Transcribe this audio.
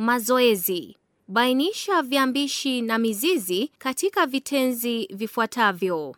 Mazoezi. Bainisha viambishi na mizizi katika vitenzi vifuatavyo.